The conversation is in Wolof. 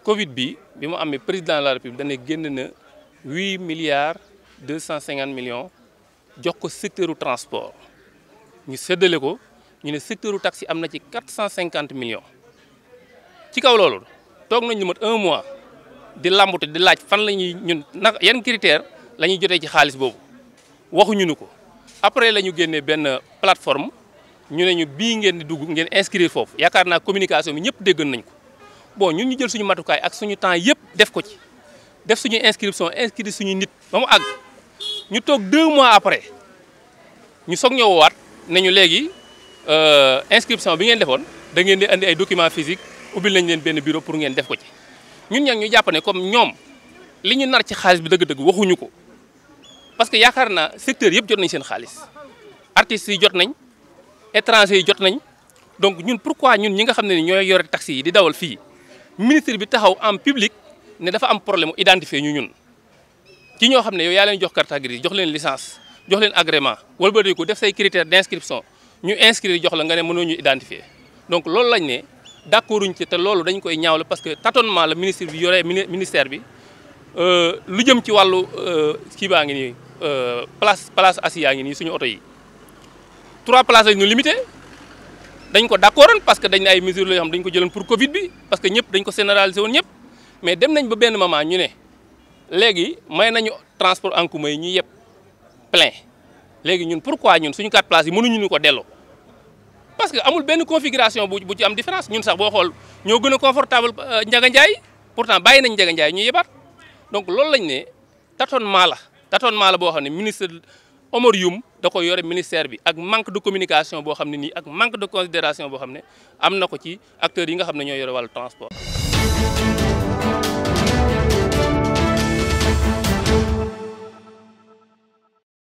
Covid bi bi mu amee président de la république dañé génné na 8 milliards 250 millions jox ko secteur du transport ñu sédélé ko ñu né secteur du taxi amna ci 450 millions. ci kaw loolu tok nañu lu mat un mois di làmbute di laaj fan lañuy ñun naka yan critère la ñuy ci xaalis bobu. Waxu nu ko après lañu génné ben plateforme ñu né ñu bi ngeen di dugg ngeen inscrire fofu. yaakaar naa communication bi ñëpp déggoon nañ ko bon ñun ñu jël suñu matukaay ak suñu temps yépp def ko ci def suñu inscription inscrit suñu nit ba mu àgg ñu toog deux mois après ñu soog ñoo nañu ne ñu léegi euh, inscription bi ngeen defoon da ngeen di andi ay documents physiques ubbil nañ leen benn bureau pour ngeen def ko ci ñun ñag ñu jàpp ne comme ñoom li ñu nar ci xaalis bi dëgg-dëgg waxuñu ko parce que yaakaar naa secteur yëpp jot nañ seen xaalis artistes yi jot nañ étrangers yi jot nañ donc ñun pourquoi ñun ñi nga xam ne ñooy yore taxi yi di dawal fii ministre bi taxaw en public ne dafa am problème identifier ñu ñun ci ño xamne ne yow ya leen jox carte grise jox leen licence jox leen agrément wala ba ko def say critère d'inscription ñu inscrire jox la nga ne mëno ñu identifier donc loolu lañ ne d'accorduñ ci té loolu dañ koy ñaawle parce que tâtonnement le ministre bi yoré ministère bi euh, lu jëm ci euh ki baangi ni euh place place assis yaa ngi suñu auto yi trois places ñu limité dañ ko d'accordoon parce que dañ ay mesures la yoo dañ ko jëloon pour Covid bi parce que ñëpp dañ ko généraliser woon ñëpp mais dem nañ ba benn moment ñu ne léegi may nañu transport an commun yi ñu yëpp plein léegi ñun pour pourquoi ñun suñu quatre places yi mënuñu ñu ko delloo parce que amul benn configuration bu bu ci am différence ñun sax boo xool ñoo gën a confortable euh, Ndiaga Ndiaye pourtant bàyyi nañ Ndiaga Ndiaye ñu yebaat donc loolu lañ ne tâtonnement la tâtonnement la boo xam ne ministre Omar Youm da ko yore ministère bi ak manque de communication bo xamné ni ak manque de considération bo xamné amna ko ci acteurs yi nga xamné ñoy yore transport